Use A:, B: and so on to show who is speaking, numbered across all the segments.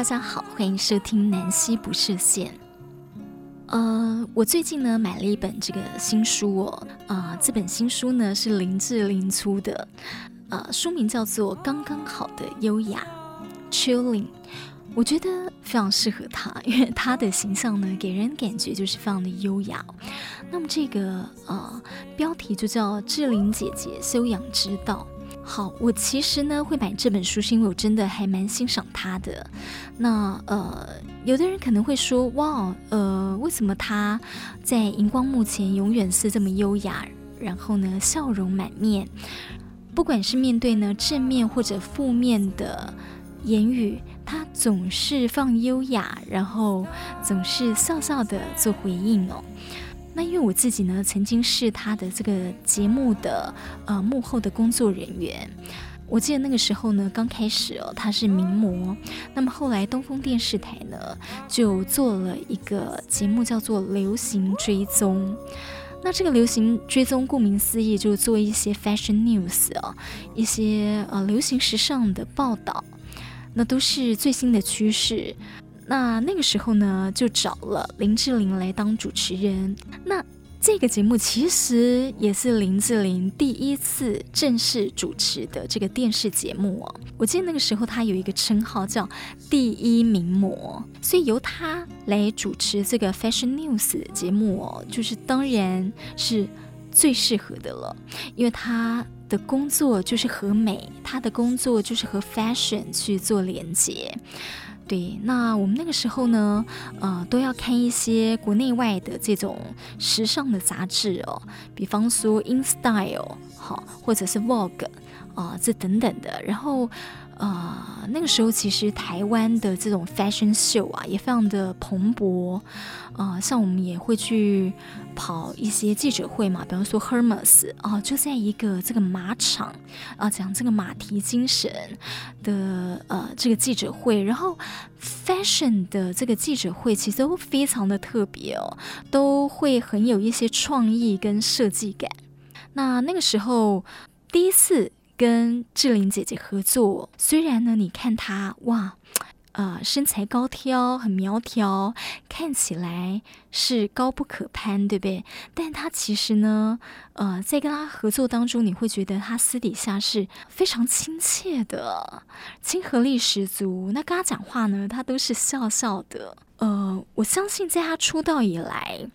A: 大家好，歡迎收聽南希不設限。呃、uh,，我最近呢買了一本這個新書哦，啊、uh,，這本新書呢是林志玲出的，呃、uh,，書名叫做《剛剛好的優雅》，Chiling，我覺得非常適合她，因為她的形象呢給人感覺就是非常的優雅。那麼這個呃、uh, 標題就叫《志玲姐姐修養之道》。好，我其實呢會買這本書，是因為我真的還蠻欣賞他的。那呃，有的人可能會說，哇，呃，為什麼他在熒光幕前永遠是這麼優雅，然後呢笑容滿面？不管是面對呢正面或者負面的言語，他總是放優雅，然後總是笑笑的做回應哦。那因為我自己呢，曾經是他的這個節目的呃幕後的工作人員。我記得那個時候呢，剛開始哦，他是名模，那麼後來東風電視台呢就做了一個節目叫做《流行追蹤》。那這個《流行追蹤》顧名思義，就是做一些 fashion news 哦，一些呃流行時尚的報道，那都是最新的趨勢。那那個時候呢，就找了林志玲來當主持人。那這個節目其實也是林志玲第一次正式主持的這個電視節目哦。我記得那個時候她有一個稱號叫“第一名模”，所以由她來主持這個 Fashion News 的節目哦，就是當然是最適合的了，因為她的工作就是和美，她的工作就是和 Fashion 去做連接。對，那我們那個時候呢，呃，都要看一些國內外的這種時尚的雜誌哦，比方說《InStyle》好，或者是《Vogue》啊，呃，這等等的，然後。呃，那個時候其實台灣的這種 fashion show 啊，也非常的蓬勃。呃，像我們也會去跑一些記者會嘛，比方說 Hermès 啊，呃，就在一個這個馬場啊，呃，講這個馬蹄精神的呃這個記者會，然後 fashion 的這個記者會其實都非常的特別哦，都會很有一些創意跟設計感。那那個時候第一次。跟志玲姐姐合作，雖然呢，你看她哇，呃，身材高挑，很苗條，看起來是高不可攀，對不對？但她其實呢，呃，在跟她合作當中，你會覺得她私底下是非常親切的，親和力十足。那跟她講話呢，她都是笑笑的。呃，我相信在她出道以來。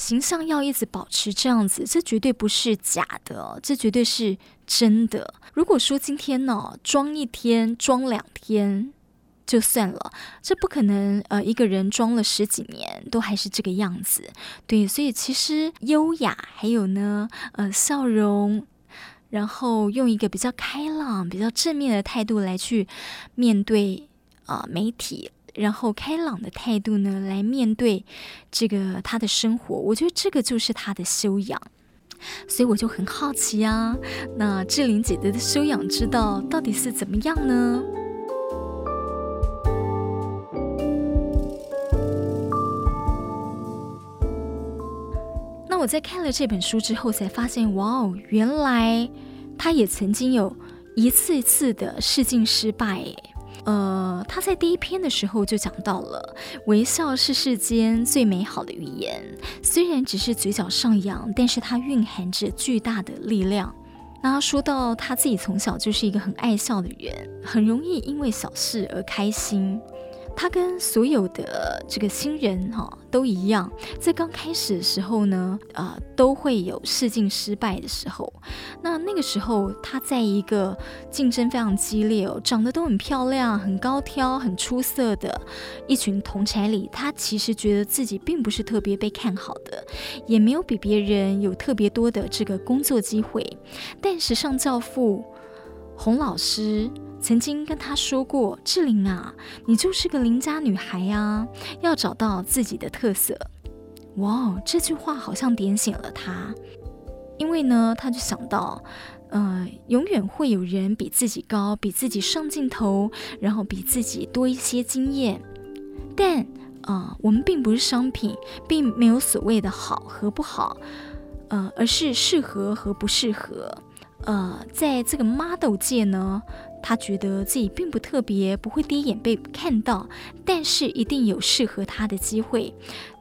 A: 形象要一直保持這樣子，這絕對不是假的，這絕對是真的。如果說今天呢、哦，裝一天、裝兩天就算了，這不可能。呃，一個人裝了十幾年，都還是這個樣子。對，所以其實優雅，還有呢，呃，笑容，然後用一個比較開朗、比較正面的態度來去面對啊、呃、媒體。然後開朗的態度呢，來面對這個他的生活，我覺得這個就是他的修養。所以我就很好奇呀、啊，那志玲姐姐的修養之道到底是怎麼樣呢？ 那我在看了這本書之後，才發現，哇哦，原來她也曾經有一次一次的試鏡失敗，呃，他在第一篇的時候就講到了，微笑是世間最美好的語言。雖然只是嘴角上揚，但是它蘊含着巨大的力量。那他說到他自己從小就是一個很愛笑的人，很容易因為小事而開心。他跟所有的這個新人哈、哦、都一樣，在剛開始的時候呢，啊、呃、都會有試鏡失敗的時候。那那個時候，他在一個競爭非常激烈哦，長得都很漂亮、很高挑、很出色的，一群同儕裡，他其實覺得自己並不是特別被看好的，也沒有比別人有特別多的這個工作機會。但時尚教父洪老師。曾經跟他說過：“志玲啊，你就是個鄰家女孩啊，要找到自己的特色。”哇哦，這句話好像點醒了他，因為呢，他就想到，呃，永遠會有人比自己高，比自己上鏡頭，然後比自己多一些經驗。但，呃，我們並不是商品，並沒有所謂的好和不好，呃，而是適合和不適合。呃，在這個 model 界呢。他覺得自己並不特別，不會第一眼被看到，但是一定有適合他的機會，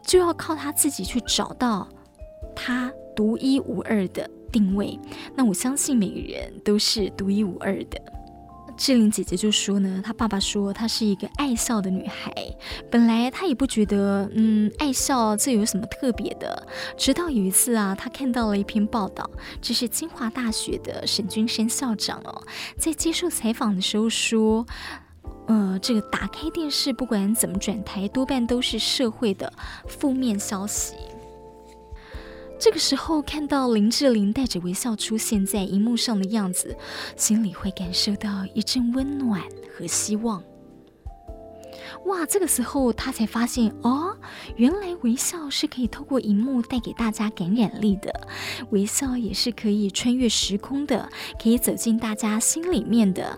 A: 就要靠他自己去找到他獨一無二的定位。那我相信每個人都是獨一無二的。志玲姐姐就說呢，她爸爸說她是一個愛笑的女孩，本來她也不覺得，嗯，愛笑這有什麼特別的。直到有一次啊，她看到了一篇報道，這是清華大學的沈君山校長哦，在接受採訪的時候說，呃，這個打開電視不管怎麼轉台，多半都是社會的負面消息。這個時候看到林志玲帶着微笑出現在熒幕上的樣子，心裡會感受到一陣溫暖和希望。哇，這個時候她才發現，哦，原來微笑是可以透過熒幕帶給大家感染力的，微笑也是可以穿越時空的，可以走進大家心裡面的。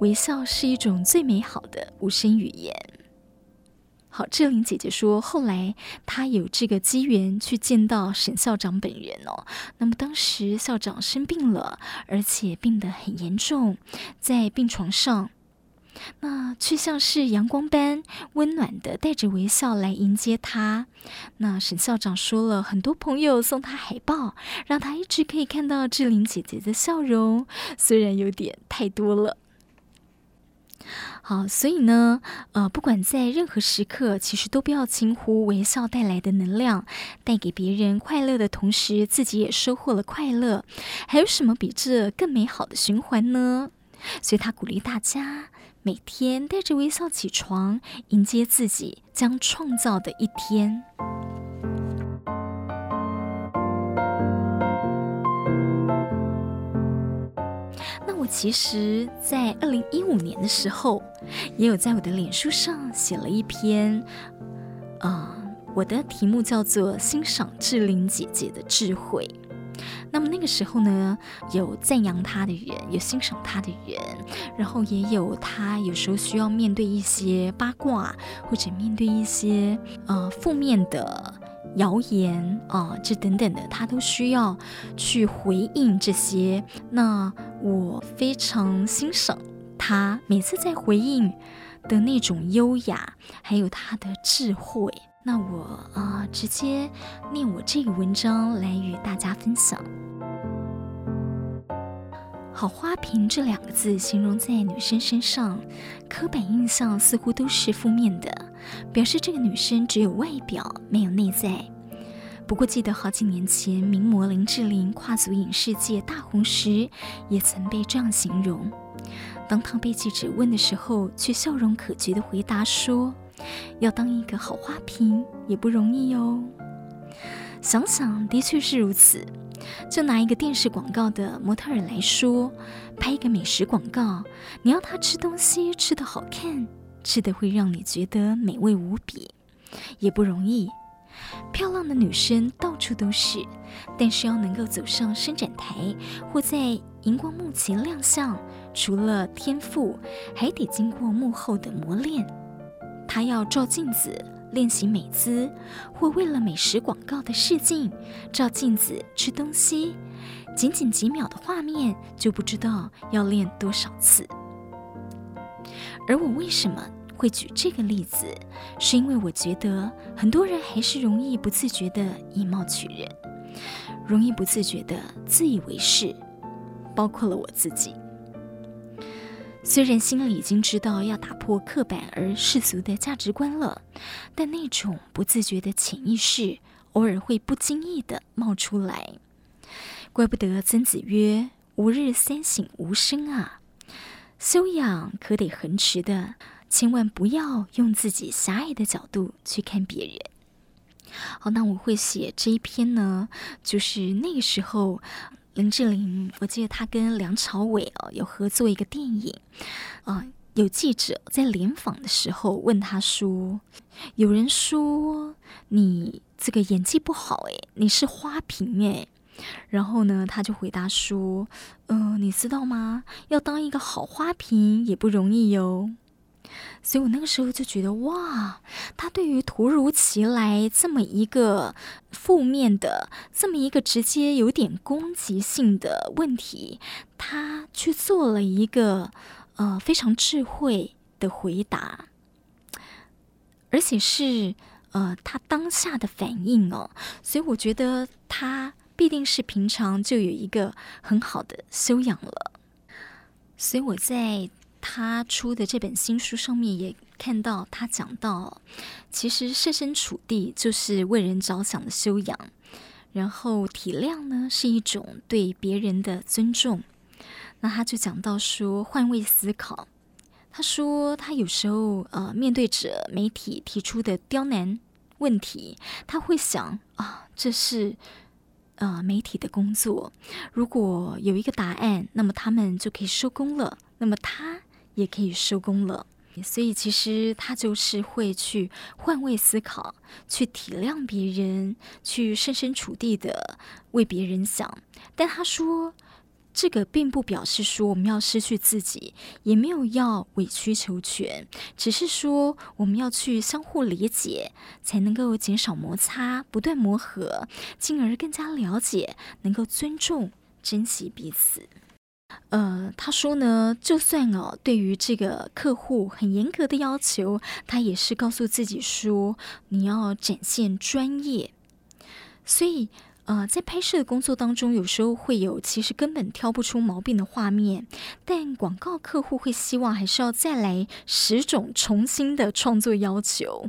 A: 微笑是一種最美好的無聲語言。好，志玲姐姐說，後來她有這個機緣去見到沈校長本人哦。那麼當時校長生病了，而且病得很嚴重，在病床上，那卻像是陽光般溫暖地，帶着微笑來迎接她。那沈校長說了很多朋友送他海報，讓他一直可以看到志玲姐姐的笑容，雖然有點太多了。好，所以呢，呃，不管在任何時刻，其實都不要輕忽微笑帶來的能量，帶給別人快樂的同時，自己也收穫了快樂。還有什麼比這更美好的循環呢？所以他鼓勵大家每天帶着微笑起床，迎接自己將創造的一天。其實，在二零一五年的時候，也有在我的臉書上寫了一篇，嗯、呃，我的題目叫做“欣賞志玲姐姐的智慧”。那麼那個時候呢，有讚揚她的人，有欣賞她的人，然後也有她有時候需要面對一些八卦，或者面對一些呃負面的。謠言啊，這、呃、等等的，他都需要去回應這些。那我非常欣賞他每次在回應的那種優雅，還有他的智慧。那我啊、呃，直接念我這個文章來與大家分享。好，花瓶這兩個字形容在女生身上，刻板印象似乎都是負面的。表示這個女生只有外表，沒有內在。不過記得好幾年前，名模林志玲跨足影視界大紅時，也曾被這樣形容。當她被記者問的時候，卻笑容可掬地回答說：“要當一個好花瓶也不容易喲。”想想的確是如此。就拿一個電視廣告的模特兒來說，拍一個美食廣告，你要她吃東西吃得好看。吃的會讓你覺得美味無比，也不容易。漂亮的女生到處都是，但是要能夠走上伸展台或在熒光幕前亮相，除了天賦，還得經過幕後的磨練。她要照鏡子練習美姿，或為了美食廣告的試鏡，照鏡子吃東西。僅僅幾秒的畫面，就不知道要練多少次。而我為什麼會舉這個例子，是因為我覺得很多人還是容易不自覺的以貌取人，容易不自覺的自以為是，包括了我自己。雖然心裡已經知道要打破刻板而世俗的價值觀了，但那種不自覺的潛意識偶爾會不經意地冒出來，怪不得曾子曰：“吾日三省吾身”啊。修養可得恆持的，千萬不要用自己狹隘的角度去看別人。好，那我會寫這一篇呢，就是那個時候，林志玲，我記得她跟梁朝偉哦、啊、有合作一個電影，啊、呃，有記者在聯訪的時候問她說，有人說你這個演技不好，誒，你是花瓶，誒。然後呢，他就回答說：“嗯、呃，你知道嗎？要當一個好花瓶也不容易喲、哦。”所以我那個時候就覺得，哇，他對於突如其來這麼一個負面的、這麼一個直接有點攻擊性的問題，他去做了一個呃非常智慧的回答，而且是呃他當下的反應哦。所以我覺得他，必定是平常就有一個很好的修養了，所以我在他出的這本新書上面也看到他講到，其實設身處地就是為人着想的修養，然後體諒呢是一種對別人的尊重。那他就講到說，換位思考，他說他有時候呃面對着媒體提出的刁難問題，他會想啊這是。呃，媒體的工作，如果有一個答案，那麼他們就可以收工了。那麼他也可以收工了。所以其實他就是會去換位思考，去體諒別人，去設身處地的為別人想。但他說。這個並不表示說我們要失去自己，也沒有要委曲求全，只是說我們要去相互理解，才能夠減少摩擦，不斷磨合，進而更加了解，能夠尊重、珍惜彼此。呃，他說呢，就算哦，對於這個客戶很嚴格的要求，他也是告訴自己說，你要展現專業，所以。呃，在拍攝的工作當中，有時候會有其實根本挑不出毛病的畫面，但廣告客戶會希望還是要再來十種重新的創作要求。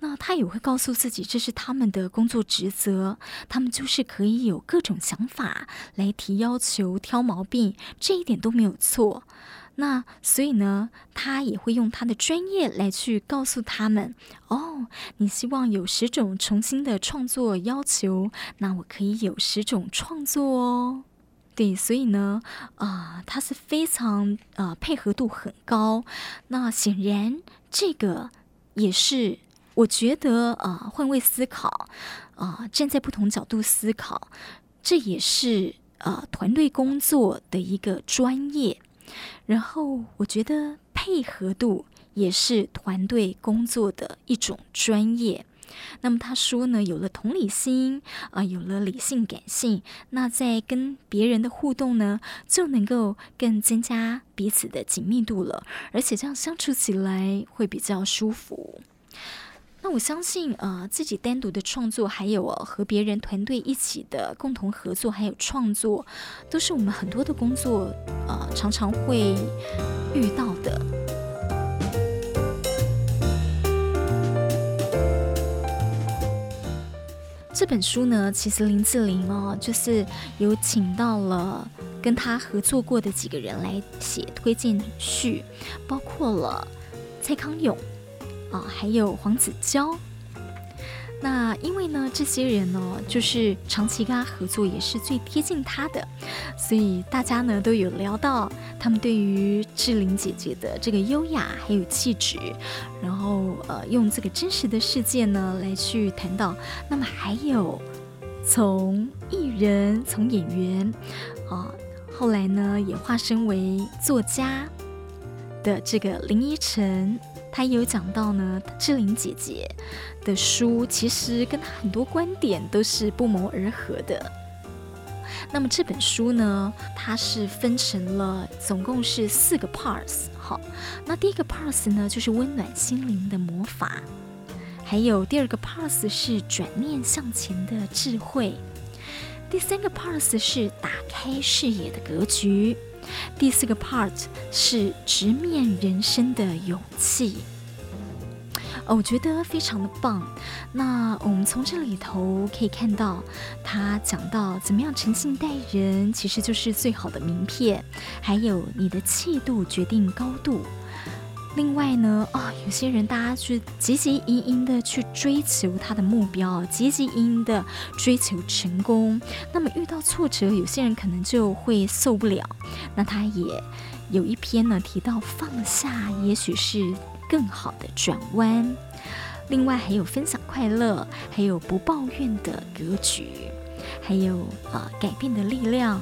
A: 那他也會告訴自己，這是他們的工作職責，他們就是可以有各種想法來提要求、挑毛病，這一點都沒有錯。那所以呢，他也會用他的專業來去告訴他們哦。你希望有十種重新的創作要求，那我可以有十種創作哦。對，所以呢，啊、呃，他是非常呃配合度很高。那顯然，這個也是我覺得啊、呃，換位思考啊，呃、站在不同角度思考，這也是啊、呃、團隊工作的一個專業。然後我覺得配合度也是團隊工作的一種專業。那麼他說呢，有了同理心，啊、呃，有了理性感性，那在跟別人的互動呢，就能夠更增加彼此的緊密度了，而且這樣相處起來會比較舒服。那我相信，呃，自己單獨的創作，還有和別人團隊一起的共同合作，還有創作，都是我們很多的工作，呃，常常會遇到的。這本書呢，其實林志玲哦，就是有請到了跟她合作過的幾個人來寫推薦序，包括了蔡康永。啊、哦，還有黃子佼，那因為呢，這些人呢，就是長期跟他合作，也是最貼近他的，所以大家呢都有聊到他們對於志玲姐姐的這個優雅還有氣質，然後呃，用這個真實的世界呢來去談到。那麼還有從藝人從演員啊、哦，後來呢也化身為作家的這個林依晨。他也有講到呢，志玲姐姐的書其實跟她很多觀點都是不謀而合的。那麼這本書呢，它是分成了總共是四個 parts，好，那第一個 parts 呢就是溫暖心靈的魔法，還有第二個 parts 是轉念向前的智慧，第三個 parts 是打開視野的格局。第四個 part 是直面人生的勇氣，哦，我覺得非常的棒。那我們從這裡頭可以看到，他講到怎麼樣誠信待人，其實就是最好的名片。還有你的氣度決定高度。另外呢，哦，有些人大家去汲汲營營的去追求他的目標，汲汲營營的追求成功，那麼遇到挫折，有些人可能就會受不了。那他也有一篇呢，提到放下，也許是更好的轉彎。另外還有分享快樂，還有不抱怨的格局，還有啊、呃、改變的力量，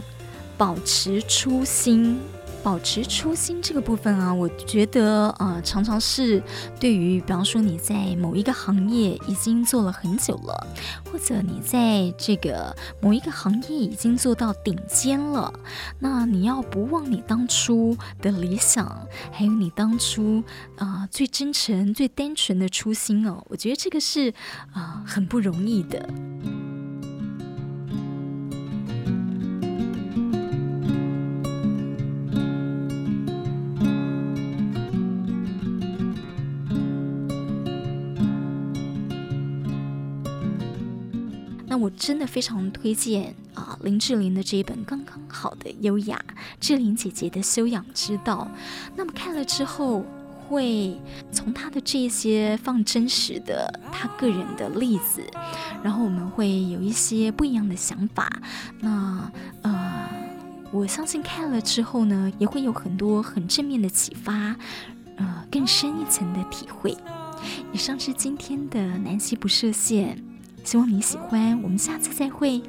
A: 保持初心。保持初心這個部分啊，我覺得啊、呃，常常是對於比方說你在某一個行業已經做了很久了，或者你在這個某一個行業已經做到頂尖了，那你要不忘你當初的理想，還有你當初啊、呃、最真誠、最單純的初心哦，我覺得這個是啊、呃、很不容易的。我真的非常推薦啊，林志玲的這一本《剛剛好的優雅》，志玲姐姐的修養之道。那麼看了之後，會從她的這些放真實的她個人的例子，然後我們會有一些不一樣的想法。那呃，我相信看了之後呢，也會有很多很正面的啟發，呃，更深一層的體會。以上是今天的南希不設限。希望你喜歡，我們下次再會。